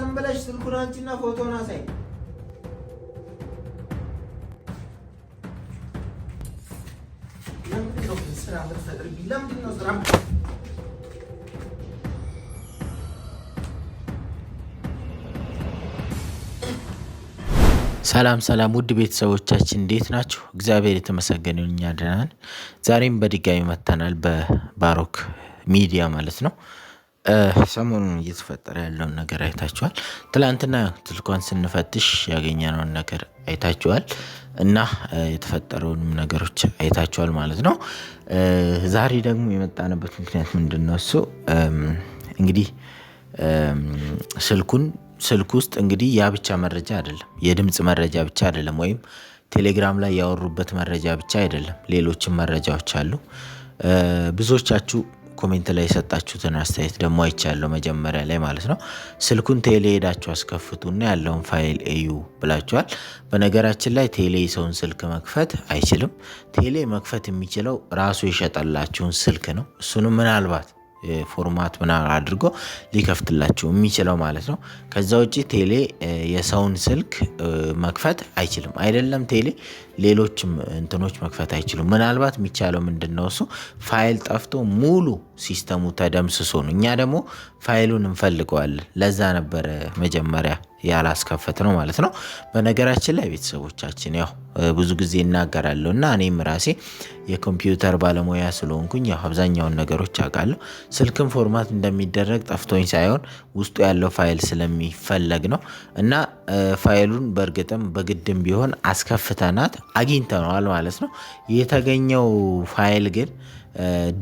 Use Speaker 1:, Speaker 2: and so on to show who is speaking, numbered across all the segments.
Speaker 1: ዝም ብለሽ ስልኩን አንቺና ፎቶን አሳይ። ሰላም ሰላም ውድ ቤተሰቦቻችን እንዴት ናችሁ? እግዚአብሔር የተመሰገነ እኛ ደህና ነን። ዛሬም በድጋሚ መጥተናል በባሮክ ሚዲያ ማለት ነው። ሰሞኑን እየተፈጠረ ያለውን ነገር አይታችኋል። ትላንትና ስልኳን ስንፈትሽ ያገኘነውን ነገር አይታችኋል እና የተፈጠረውንም ነገሮች አይታችኋል ማለት ነው። ዛሬ ደግሞ የመጣንበት ምክንያት ምንድን ነው? እሱ እንግዲህ ስልኩን ስልክ ውስጥ እንግዲህ ያ ብቻ መረጃ አይደለም፣ የድምፅ መረጃ ብቻ አይደለም፣ ወይም ቴሌግራም ላይ ያወሩበት መረጃ ብቻ አይደለም፣ ሌሎችም መረጃዎች አሉ ብዙዎቻችሁ ኮሜንት ላይ የሰጣችሁትን አስተያየት ደግሞ አይቻለሁ መጀመሪያ ላይ ማለት ነው። ስልኩን ቴሌ ሄዳችሁ አስከፍቱና ያለውን ፋይል እዩ ብላችኋል። በነገራችን ላይ ቴሌ የሰውን ስልክ መክፈት አይችልም። ቴሌ መክፈት የሚችለው ራሱ የሸጠላችሁን ስልክ ነው። እሱንም ምናልባት ፎርማት ምናምን አድርጎ ሊከፍትላችሁ የሚችለው ማለት ነው። ከዛ ውጪ ቴሌ የሰውን ስልክ መክፈት አይችልም። አይደለም ቴሌ ሌሎችም እንትኖች መክፈት አይችሉም። ምናልባት የሚቻለው ምንድነው እሱ ፋይል ጠፍቶ ሙሉ ሲስተሙ ተደምስሶ ነው። እኛ ደግሞ ፋይሉን እንፈልገዋለን። ለዛ ነበረ መጀመሪያ ያላስከፈት ነው ማለት ነው። በነገራችን ላይ ቤተሰቦቻችን ያው ብዙ ጊዜ እናገራለሁ እና እኔም ራሴ የኮምፒውተር ባለሙያ ስለሆንኩኝ ያው አብዛኛውን ነገሮች አውቃለሁ። ስልክም ፎርማት እንደሚደረግ ጠፍቶኝ ሳይሆን ውስጡ ያለው ፋይል ስለሚፈለግ ነው እና ፋይሉን በእርግጥም በግድም ቢሆን አስከፍተናት አግኝተነዋል ማለት ነው። የተገኘው ፋይል ግን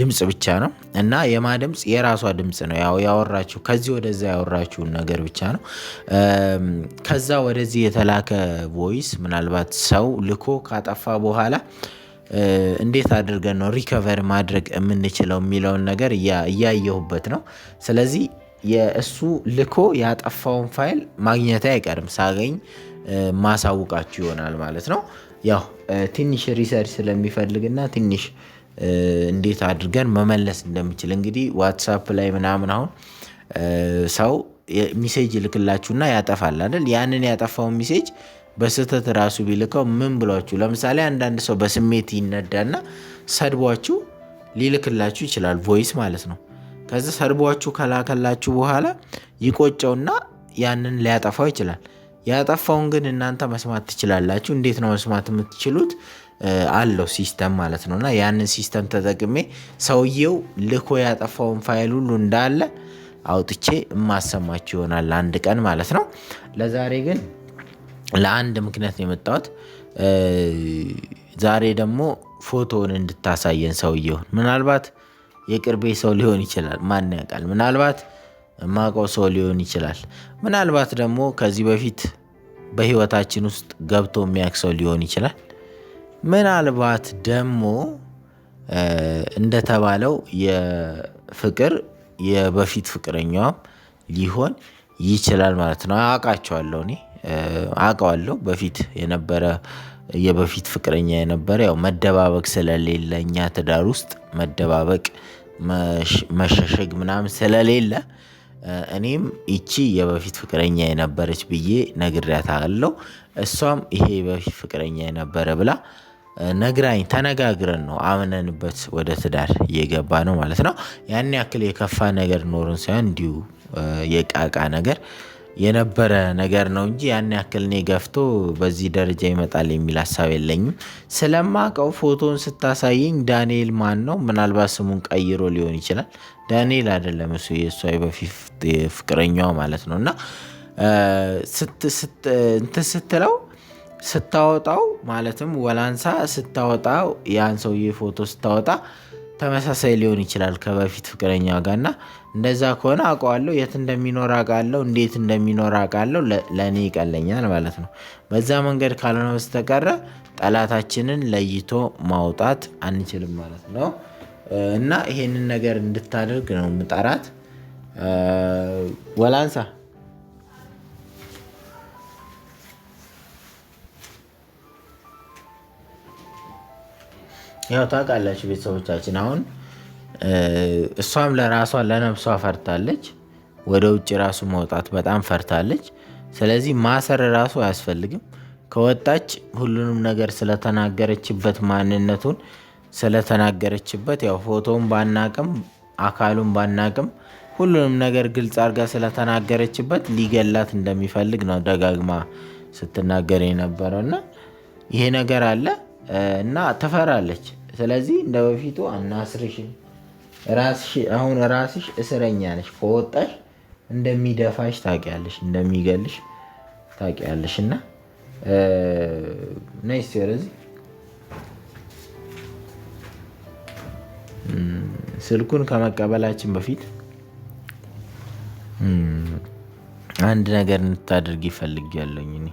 Speaker 1: ድምፅ ብቻ ነው እና የማ ድምፅ የራሷ ድምፅ ነው። ያው ያወራችው ከዚህ ወደዛ ያወራችውን ነገር ብቻ ነው። ከዛ ወደዚህ የተላከ ቮይስ ምናልባት ሰው ልኮ ካጠፋ በኋላ እንዴት አድርገን ነው ሪከቨር ማድረግ የምንችለው የሚለውን ነገር እያየሁበት ነው። ስለዚህ የእሱ ልኮ ያጠፋውን ፋይል ማግኘት አይቀርም። ሳገኝ ማሳውቃችሁ ይሆናል ማለት ነው። ያው ትንሽ ሪሰርች ስለሚፈልግና ትንሽ እንዴት አድርገን መመለስ እንደምችል እንግዲህ ዋትሳፕ ላይ ምናምን አሁን ሰው ሚሴጅ ይልክላችሁና ያጠፋል አይደል? ያንን ያጠፋውን ሚሴጅ በስህተት ራሱ ቢልከው ምን ብሏችሁ፣ ለምሳሌ አንዳንድ ሰው በስሜት ይነዳና ሰድቧችሁ ሊልክላችሁ ይችላል፣ ቮይስ ማለት ነው። ከዚህ ሰድቧችሁ ከላከላችሁ በኋላ ይቆጨውና ያንን ሊያጠፋው ይችላል። ያጠፋውን ግን እናንተ መስማት ትችላላችሁ። እንዴት ነው መስማት የምትችሉት? አለው ሲስተም ማለት ነው። እና ያንን ሲስተም ተጠቅሜ ሰውየው ልኮ ያጠፋውን ፋይል ሁሉ እንዳለ አውጥቼ እማሰማችሁ ይሆናል አንድ ቀን ማለት ነው። ለዛሬ ግን ለአንድ ምክንያት ነው የመጣሁት። ዛሬ ደግሞ ፎቶውን እንድታሳየን ሰውየውን። ምናልባት የቅርቤ ሰው ሊሆን ይችላል፣ ማን ያውቃል? ምናልባት ማቀው ሰው ሊሆን ይችላል። ምናልባት ደግሞ ከዚህ በፊት በህይወታችን ውስጥ ገብቶ የሚያውቅ ሰው ሊሆን ይችላል። ምናልባት ደግሞ እንደተባለው የፍቅር የበፊት ፍቅረኛዋም ሊሆን ይችላል ማለት ነው። አውቃቸዋለሁ እኔ አውቀዋለሁ በፊት የነበረ የበፊት ፍቅረኛ የነበረ ያው መደባበቅ ስለሌለ እኛ ትዳር ውስጥ መደባበቅ መሸሸግ ምናምን ስለሌለ እኔም ይቺ የበፊት ፍቅረኛ የነበረች ብዬ ነግሬያታለሁ። እሷም ይሄ የበፊት ፍቅረኛ የነበረ ብላ ነግራኝ ተነጋግረን ነው አምነንበት ወደ ትዳር እየገባ ነው ማለት ነው። ያን ያክል የከፋ ነገር ኖርን ሳይሆን እንዲሁ የቃቃ ነገር የነበረ ነገር ነው እንጂ ያን ያክል እኔ ገፍቶ በዚህ ደረጃ ይመጣል የሚል ሀሳብ የለኝም። ስለማቀው ፎቶን ስታሳየኝ ዳንኤል ማን ነው? ምናልባት ስሙን ቀይሮ ሊሆን ይችላል። ዳንኤል አይደለም እሱ የእሷ በፊት ፍቅረኛዋ ማለት ነው እና እንትን ስትለው ስታወጣው ማለትም ወላንሳ ስታወጣው ያን ሰውዬ ፎቶ ስታወጣ ተመሳሳይ ሊሆን ይችላል ከበፊት ፍቅረኛ ጋር እና እንደዛ ከሆነ አውቀዋለሁ፣ የት እንደሚኖር አውቃለሁ፣ እንዴት እንደሚኖር አውቃለሁ። ለእኔ ይቀለኛል ማለት ነው። በዛ መንገድ ካልሆነ በስተቀረ ጠላታችንን ለይቶ ማውጣት አንችልም ማለት ነው እና ይሄንን ነገር እንድታደርግ ነው ምጠራት ወላንሳ ያው ታውቃላችሁ ቤተሰቦቻችን፣ አሁን እሷም ለራሷ ለነብሷ ፈርታለች። ወደ ውጭ ራሱ መውጣት በጣም ፈርታለች። ስለዚህ ማሰር ራሱ አያስፈልግም። ከወጣች ሁሉንም ነገር ስለተናገረችበት ማንነቱን ስለተናገረችበት ያው ፎቶውን ባናቅም አካሉን ባናቅም ሁሉንም ነገር ግልጽ አድርጋ ስለተናገረችበት ሊገላት እንደሚፈልግ ነው ደጋግማ ስትናገር የነበረው እና ይሄ ነገር አለ እና ትፈራለች። ስለዚህ እንደ በፊቱ አናስርሽም። አሁን ራስሽ እስረኛ ነሽ። ከወጣሽ እንደሚደፋሽ ታውቂያለሽ፣ እንደሚገልሽ ታውቂያለሽ። እና ነይስ ወደዚህ ስልኩን ከመቀበላችን በፊት አንድ ነገር እንድታደርግ ይፈልግ ያለኝ እኔ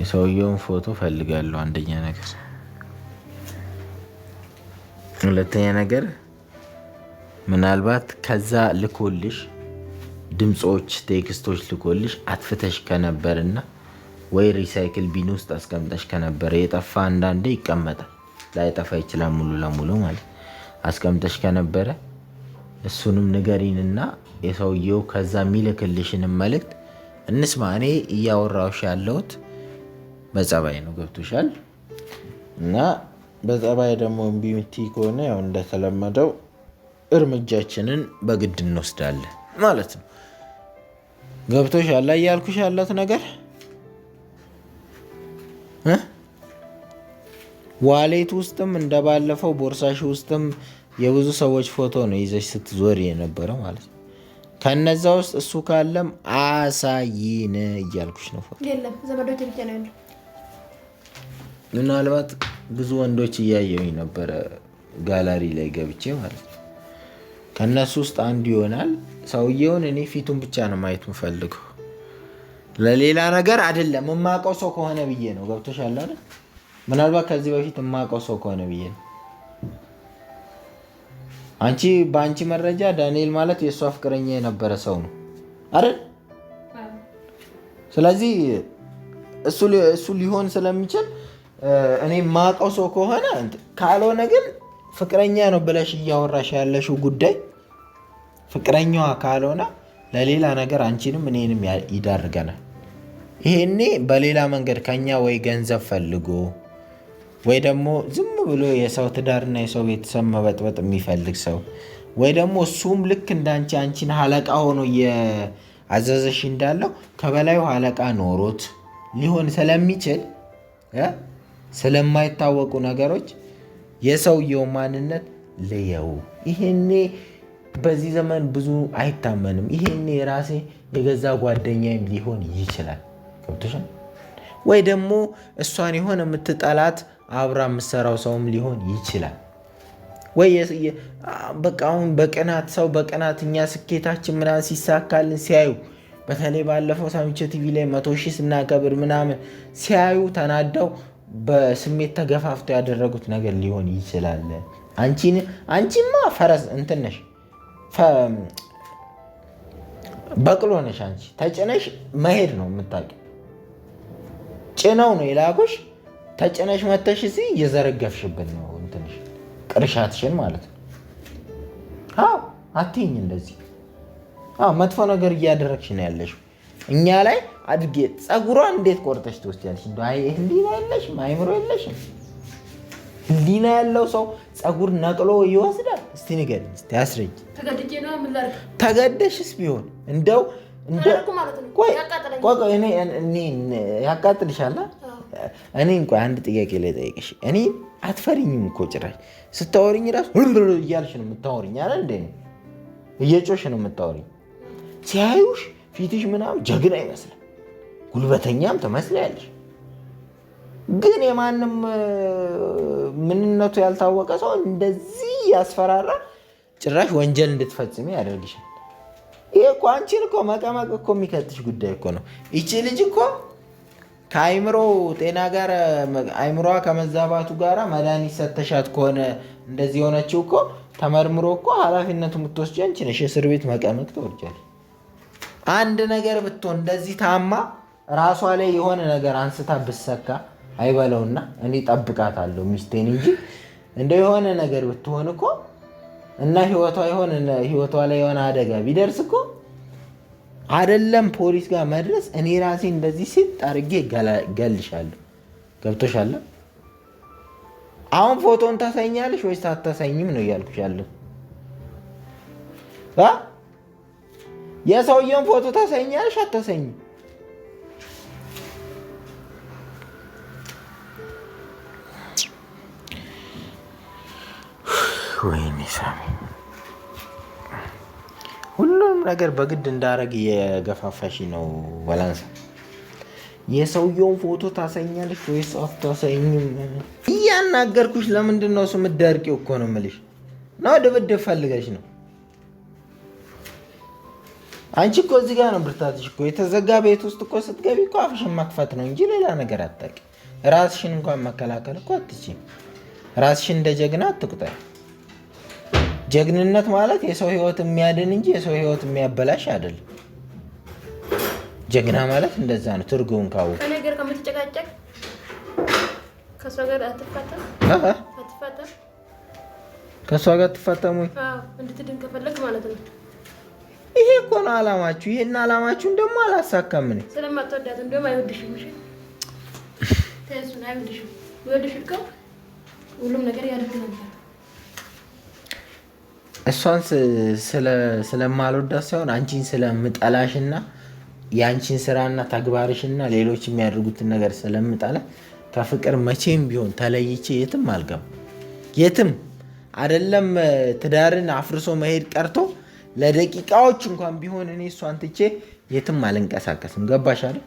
Speaker 1: የሰውየውን ፎቶ ፈልጋለሁ። አንደኛ ነገር፣ ሁለተኛ ነገር ምናልባት ከዛ ልኮልሽ ድምፆች፣ ቴክስቶች ልኮልሽ አትፍተሽ ከነበርና ወይ ሪሳይክል ቢን ውስጥ አስቀምጠሽ ከነበረ የጠፋ አንዳንዴ ይቀመጣል፣ ላይጠፋ ይችላል ሙሉ ለሙሉ ማለት አስቀምጠሽ ከነበረ እሱንም ንገሪንና የሰውየው ከዛ የሚልክልሽንም መልእክት እንስማ። እኔ እያወራሁሽ ያለሁት በፀባይ ነው። ገብቶሻል እና በፀባይ ደግሞ እምቢ ከሆነ ያው እንደተለመደው እርምጃችንን በግድ እንወስዳለን ማለት ነው። ገብቶሻል ላይ ያልኩሽ ያለት ነገር ዋሌት ውስጥም እንደባለፈው ቦርሳሽ ውስጥም የብዙ ሰዎች ፎቶ ነው ይዘሽ ስትዞር የነበረ ማለት ነው። ከነዛ ውስጥ እሱ ካለም አሳይን እያልኩሽ ነው ፎቶ
Speaker 2: ነው ያለው
Speaker 1: ምናልባት ብዙ ወንዶች እያየኝ ነበረ ጋላሪ ላይ ገብቼ ማለት ነው። ከእነሱ ውስጥ አንዱ ይሆናል። ሰውየውን እኔ ፊቱን ብቻ ነው ማየት የምፈልገው ለሌላ ነገር አይደለም። የማውቀው ሰው ከሆነ ብዬ ነው። ገብቶሻል አይደል? ምናልባት ከዚህ በፊት የማውቀው ሰው ከሆነ ብዬ ነው። አንቺ በአንቺ መረጃ ዳንኤል ማለት የእሷ ፍቅረኛ የነበረ ሰው ነው አይደል? ስለዚህ እሱ ሊሆን ስለሚችል እኔ የማውቀው ሰው ከሆነ ካልሆነ ግን ፍቅረኛ ነው ብለሽ እያወራሽ ያለሽው ጉዳይ ፍቅረኛዋ ካልሆነ ለሌላ ነገር አንቺንም እኔንም ይዳርገናል። ይሄኔ በሌላ መንገድ ከኛ ወይ ገንዘብ ፈልጎ ወይ ደግሞ ዝም ብሎ የሰው ትዳርና የሰው ቤተሰብ መበጥበጥ የሚፈልግ ሰው ወይ ደግሞ እሱም ልክ እንዳንቺ አንቺን ሀለቃ ሆኖ እየአዘዘሽ እንዳለው ከበላዩ ሀለቃ ኖሮት ሊሆን ስለሚችል ስለማይታወቁ ነገሮች የሰውየው ማንነት ልየው። ይሄኔ በዚህ ዘመን ብዙ አይታመንም። ይሄኔ ራሴ የገዛ ጓደኛዬም ሊሆን ይችላል። ገብቶሻል ወይ? ደግሞ እሷን የሆነ የምትጠላት አብራ የምትሰራው ሰውም ሊሆን ይችላል። ወይ በቃ አሁን በቅናት ሰው በቅናት እኛ ስኬታችን ምናምን ሲሳካልን ሲያዩ በተለይ ባለፈው ሳሚቸ ቲቪ ላይ መቶ ሺህ ስናከብር ምናምን ሲያዩ ተናደው በስሜት ተገፋፍቶ ያደረጉት ነገር ሊሆን ይችላል። አንቺማ ፈረስ እንትን ነሽ፣ በቅሎ ነሽ። አንቺ ተጭነሽ መሄድ ነው የምታውቂው። ጭነው ነው የላኩሽ። ተጭነሽ መተሽ እዚህ እየዘረገፍሽብን ነው እንትንሽ ቅርሻትሽን ማለት ነው። አዎ አትይኝ እንደዚህ መጥፎ ነገር እያደረግሽ ነው ያለሽው። እኛ ላይ አድጌ ፀጉሯ እንዴት ቆርጠሽ ትወስጃለሽ? ህሊና የለሽም፣ አይምሮ የለሽም። ህሊና ያለው ሰው ፀጉር ነቅሎ ይወስዳል? እስቲ ንገድ፣ እስቲ አስረጅ። ተገደሽስ ቢሆን እንደው ያቃጥልሻል። እኔ እንኳ አንድ ጥያቄ ላይ ጠይቅሽ፣ እኔ አትፈሪኝም እኮ ጭራሽ። ስታወሪኝ ራሱ እያልሽ ነው የምታወሪኝ፣ አለ እንደ እየጮሽ ነው የምታወሪኝ ሲያዩሽ ፊትሽ ምናምን ጀግና ይመስላል፣ ጉልበተኛም ትመስላለሽ። ግን የማንም ምንነቱ ያልታወቀ ሰው እንደዚህ ያስፈራራ ጭራሽ ወንጀል እንድትፈጽሚ ያደርግሻል። ይሄ እኮ አንቺን እኮ መቀመቅ እኮ የሚከትሽ ጉዳይ እኮ ነው። ይቺ ልጅ እኮ ከአይምሮ ጤና ጋር አይምሮዋ ከመዛባቱ ጋር መድኃኒት ሰተሻት ከሆነ እንደዚህ የሆነችው እኮ ተመርምሮ እኮ ኃላፊነቱ የምትወስጂ አንቺ ነሽ። እስር ቤት መቀመቅ ተወርጃለሽ። አንድ ነገር ብትሆን እንደዚህ ታማ ራሷ ላይ የሆነ ነገር አንስታ ብሰካ አይበለውና እኔ ጠብቃታለሁ ሚስቴን እንጂ እንደ የሆነ ነገር ብትሆን እኮ እና ህይወቷ ህይወቷ ላይ የሆነ አደጋ ቢደርስ እኮ አደለም ፖሊስ ጋር መድረስ እኔ ራሴ እንደዚህ ሲል ጠርጌ ገልሻለሁ። ገብቶሻል? አሁን ፎቶን ታሳኛለሽ ወይስ አታሳኝም ነው እያልኩሻለሁ። የሰውየውን ፎቶ ታሳይኛለሽ አታሳይኝ? ወይኔ ሳሚ፣ ሁሉንም ነገር በግድ እንዳረግ የገፋፋሽ ነው። ወላንሳ የሰውየውን ፎቶ ታሳይኛለሽ ወይስ አታሳይኝም? እያናገርኩሽ ለምንድን ነው ስምትደርቂው? እኮ ነው የምልሽ። ነው ድብድብ ፈልገሽ ነው አንቺ እኮ እዚህ ጋር ነው ብርታትሽ እኮ። የተዘጋ ቤት ውስጥ እኮ ስትገቢ እኮ አፍሽን መክፈት ነው እንጂ ሌላ ነገር አታውቂም። ራስሽን እንኳን መከላከል እኮ አትችይም። ራስሽን እንደ ጀግና አትቁጠር። ጀግንነት ማለት የሰው ሕይወት የሚያድን እንጂ የሰው ሕይወት የሚያበላሽ አይደለም። ጀግና ማለት እንደዛ ነው። ትርጉም ካው ከነገር ከምትጨቃጨቅ ከእሷ ጋር አትፋተም ከእሷ ጋር አትፋተም ወይ እንድትድን ከፈለግ ማለት ነው ይሄ እኮ ነው አላማችሁ። ይሄን አላማችሁን ደግሞ አላሳካም። እኔ ስለማትወዳት ይወድሽ ነገር ያደርግ ነበር። እሷን ስለማልወዳት ሳይሆን አንቺን ስለምጠላሽና የአንቺን ስራና ተግባርሽና ሌሎች የሚያደርጉትን ነገር ስለምጠላ ከፍቅር መቼም ቢሆን ተለይቼ የትም አልገባም። የትም አይደለም ትዳርን አፍርሶ መሄድ ቀርቶ ለደቂቃዎች እንኳን ቢሆን እኔ እሷን ትቼ የትም አልንቀሳቀስም። ገባሽ አይደል?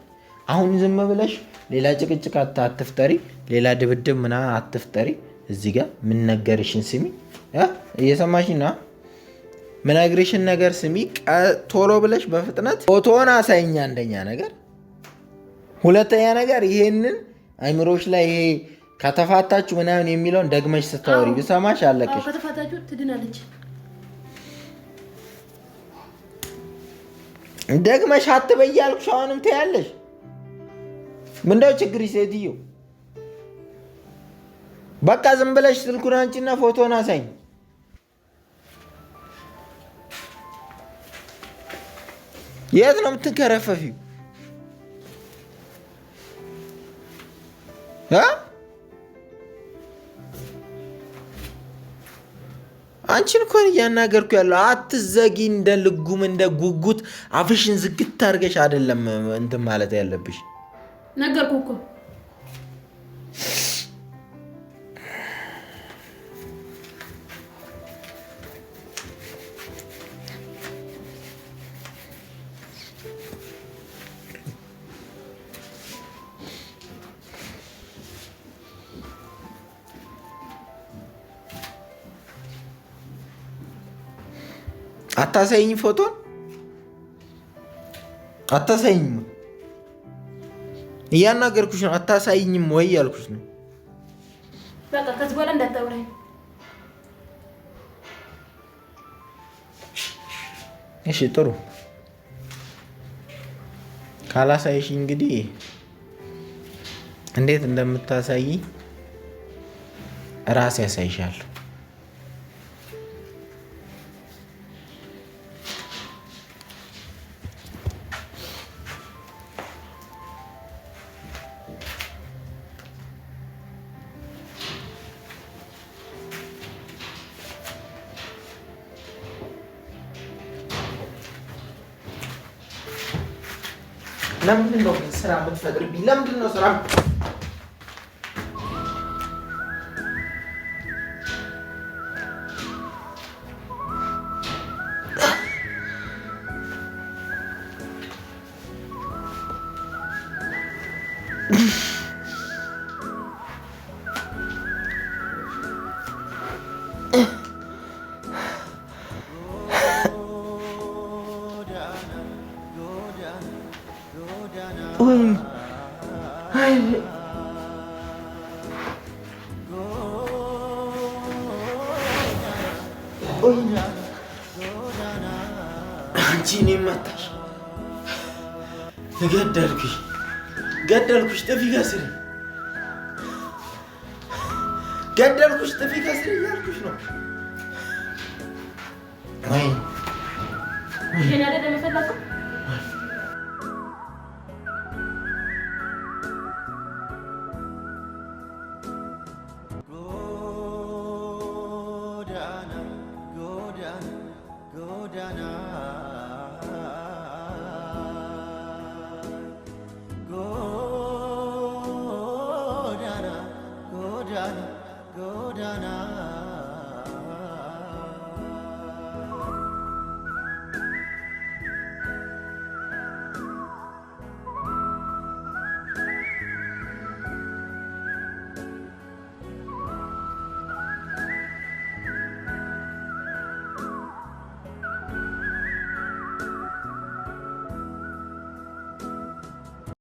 Speaker 1: አሁን ዝም ብለሽ ሌላ ጭቅጭቅ አትፍጠሪ፣ ሌላ ድብድብ ምና አትፍጠሪ። እዚህ ጋር የምነገርሽን ስሚ፣ እየሰማሽ ና ምነግርሽን ነገር ስሚ። ቶሎ ብለሽ በፍጥነት ፎቶን አሳይኝ። አንደኛ ነገር፣ ሁለተኛ ነገር ይሄንን አይምሮች ላይ ይሄ ከተፋታችሁ ምናምን የሚለውን ደግመሽ ስታወሪ ብሰማሽ አለቅሽ። ከተፋታችሁ ትድናለች። ደግመሽ አትበይ ያልኩሽ አሁንም ትያለሽ። ምንደው ችግር? ሴትዮ በቃ ዝም ብለሽ ስልኩን አንቺና ፎቶን አሳኝ። የት ነው የምትንከረፈፊው አንቺን እኮ እያናገርኩ ያለው አትዘጊ። እንደ ልጉም እንደ ጉጉት አፍሽን ዝግት አድርገሽ አይደለም እንትን ማለት ያለብሽ ነገርኩ እኮ አታሳይኝ፣ ፎቶን አታሳይኝም። እያናገርኩሽ ነው። አታሳይኝም ወይ ያልኩሽ ነው። እሺ ጥሩ። ካላሳይሽ እንግዲህ እንዴት እንደምታሳይ ራስ ያሳይሻል። ለምንድን ነው ስራ የምትፈጥርብኝ? ለምንድን ነው ስራ ገደልኩሽ፣ ገደልኩሽ፣ ጥፊ ከስር ገደልኩሽ፣ ጥፊ ከስር እያልኩሽ ነው። ወይ